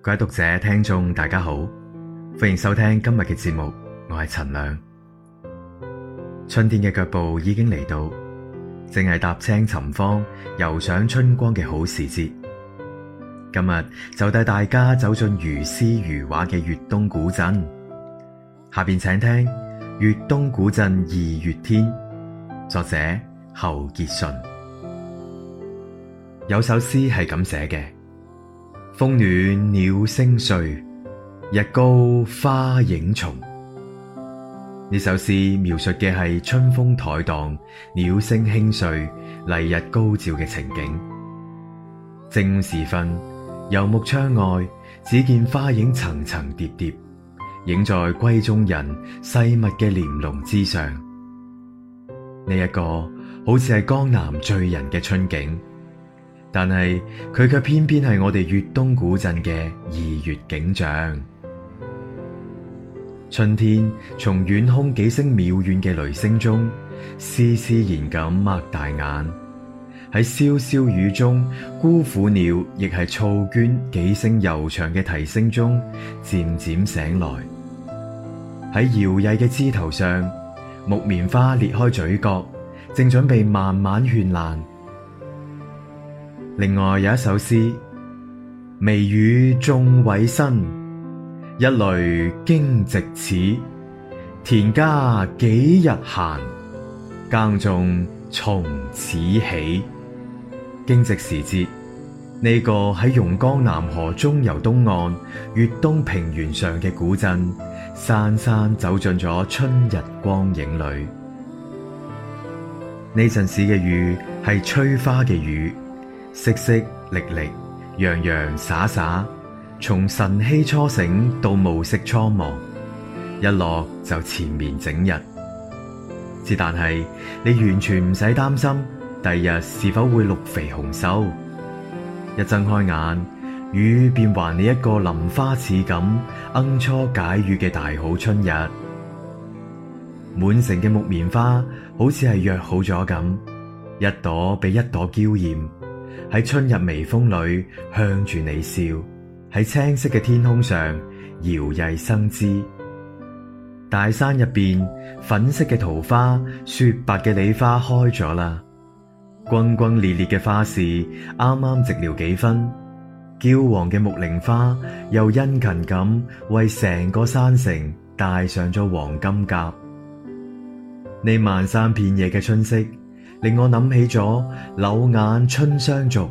各位讀者、聽眾，大家好，歡迎收聽今日嘅節目，我係陳亮。春天嘅腳步已經嚟到，正係踏青尋芳、遊賞春光嘅好時節。今日就帶大家走進如詩如畫嘅粵東古鎮。下邊請聽《粵東古鎮二月天》，作者侯杰純。有首詩係咁寫嘅。風暖鳥聲碎，日高花影重。呢首詩描述嘅係春風駘蕩、鳥聲輕碎、麗日高照嘅情景。正午時分，遊目窗外，只見花影層層疊疊，映在閨中人細密嘅簾櫳之上。呢一個好似係江南醉人嘅春景。但係佢卻偏偏係我哋粵東古鎮嘅二月景象。春天從遠空幾聲渺遠嘅雷聲中，施施然咁擘大眼；喺瀟瀟雨中，姑虎鳥亦係噪鵑幾聲悠長嘅啼聲中，漸漸醒來。喺搖曳嘅枝頭上，木棉花裂開嘴角，正準備慢慢絢爛。另外有一首詩：微雨眾卉新，一雷驚蟄始。」田家幾日閒，耕種從此起。驚蟄時節，呢、這個喺榕江南河中游東岸粵東平原上嘅古鎮，姍姍走進咗春日光影裏。呢陣時嘅雨係催花嘅雨。淅淅瀝瀝，洋洋灑灑，從晨曦初醒到暮色蒼茫，一落就纏綿整日。只但係你完全唔使擔心，第二日是否會綠肥紅瘦？一睜開眼，雨便還你一個林花似錦、鶯初解語嘅大好春日。滿城嘅木棉花好似係約好咗咁，一朵比一朵嬌艷。喺春日微風裏向住你笑，喺青色嘅天空上搖曳生姿。大山入邊粉色嘅桃花、雪白嘅李花開咗啦，轟轟烈烈嘅花事啱啱寂寥幾分。嬌黃嘅木玲花又殷勤咁為成個山城戴上咗黃金甲。呢漫山遍野嘅春色。令我諗起咗柳眼春相續，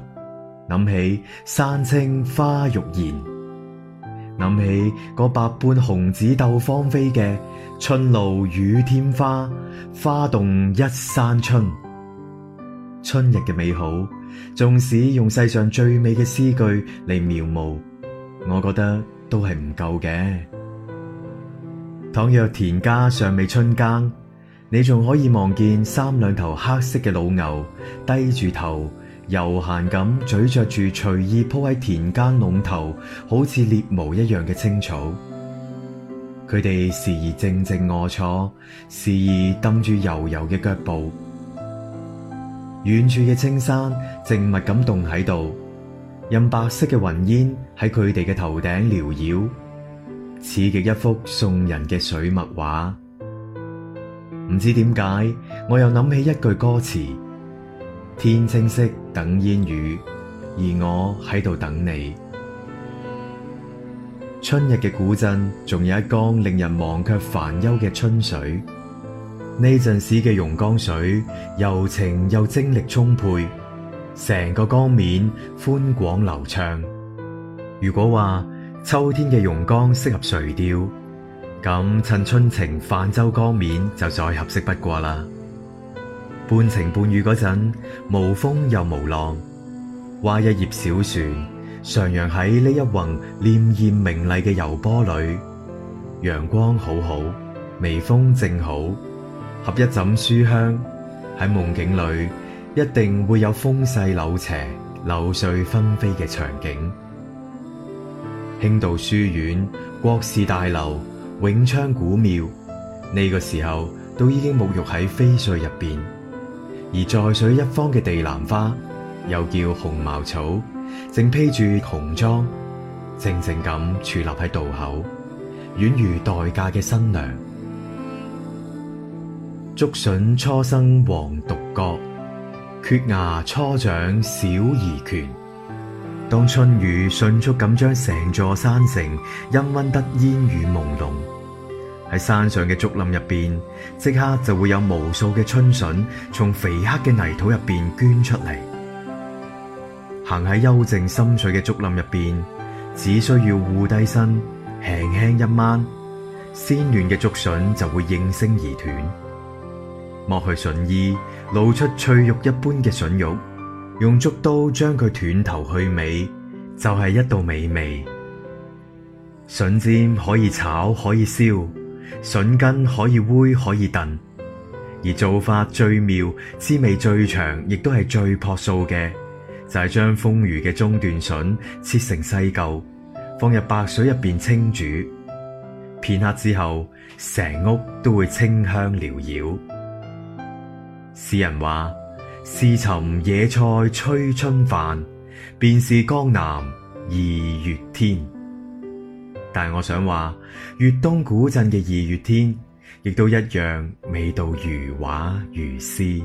諗起山青花欲燃，諗起嗰百般紅紫鬥芳菲嘅春路雨添花，花動一山春。春日嘅美好，縱使用世上最美嘅詩句嚟描摹，我覺得都係唔夠嘅。倘若田家尚未春耕。你仲可以望見三兩頭黑色嘅老牛低住頭，悠閒咁咀嚼住隨意鋪喺田間壟頭，好似鬣毛一樣嘅青草。佢哋時而靜靜臥坐，時而蹬住柔柔嘅腳步。遠處嘅青山靜默咁凍喺度，任白色嘅雲煙喺佢哋嘅頭頂繚繞，似極一幅宋人嘅水墨畫。唔知點解，我又諗起一句歌詞：天青色等煙雨，而我喺度等你。春日嘅古鎮，仲有一江令人忘卻煩憂嘅春水。呢陣時嘅榕江水，柔情又精力充沛，成個江面寬廣流暢。如果話秋天嘅榕江適合垂釣，咁趁春晴泛舟江面就再合適不過啦。半晴半雨嗰陣，無風又無浪，劃一葉小船，徜徉喺呢一泓瀲灩明麗嘅柔波裏。陽光好好，微風正好，合一枕書香喺夢境裏，一定會有風細柳斜、柳絮紛飛嘅場景。興道書院、郭氏大樓。永昌古廟呢個時候都已經沐浴喺飛絮入邊，而在水一方嘅地藍花，又叫紅茅草，正披住紅妝，靜靜咁佇立喺渡口，宛如待嫁嘅新娘。竹筍初生黃犢角，蕨芽初長小兒拳。當春雨迅速咁將成座山城氤氲得煙雨朦朧，喺山上嘅竹林入邊，即刻就會有無數嘅春笋從肥黑嘅泥土入邊捐出嚟。行喺幽靜深邃嘅竹林入邊，只需要護低身，輕輕一扳，鮮嫩嘅竹笋就會應聲而斷，剝去笋衣，露出翠玉一般嘅笋肉。用竹刀將佢斷頭去尾，就係一道美味。筍尖可以炒可以燒，筍根可以煨可以燉。而做法最妙、滋味最長，亦都係最樸素嘅，就係將豐腴嘅中段筍切成細嚿，放入白水入邊清煮，片刻之後，成屋都會清香繚繞。詩人話，試尋野菜炊春飯，便是江南二月天。但我想話，粵東古鎮嘅二月天，亦都一樣美到如畫如詩。